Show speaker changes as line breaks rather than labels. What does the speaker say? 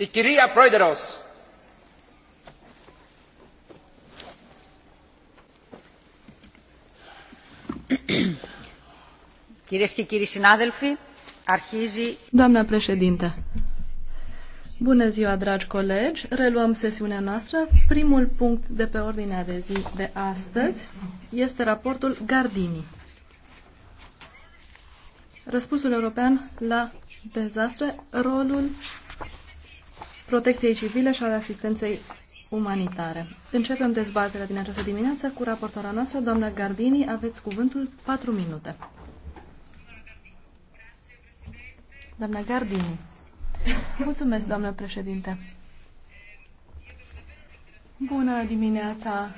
Η κυρία Πρόεδρος.
Κυρίες και κύριοι συνάδελφοι, αρχίζει...
Doamna bună ziua, dragi colegi. Reluăm sesiunea noastră. Primul punct de pe ordinea de zi de astăzi este raportul Gardini. Răspunsul european la dezastre, rolul protecției civile și al asistenței umanitare. Începem dezbaterea din această dimineață cu raportoarea noastră, doamna Gardini. Aveți cuvântul 4 minute. Doamna Gardini. Mulțumesc, doamnă președinte. Bună dimineața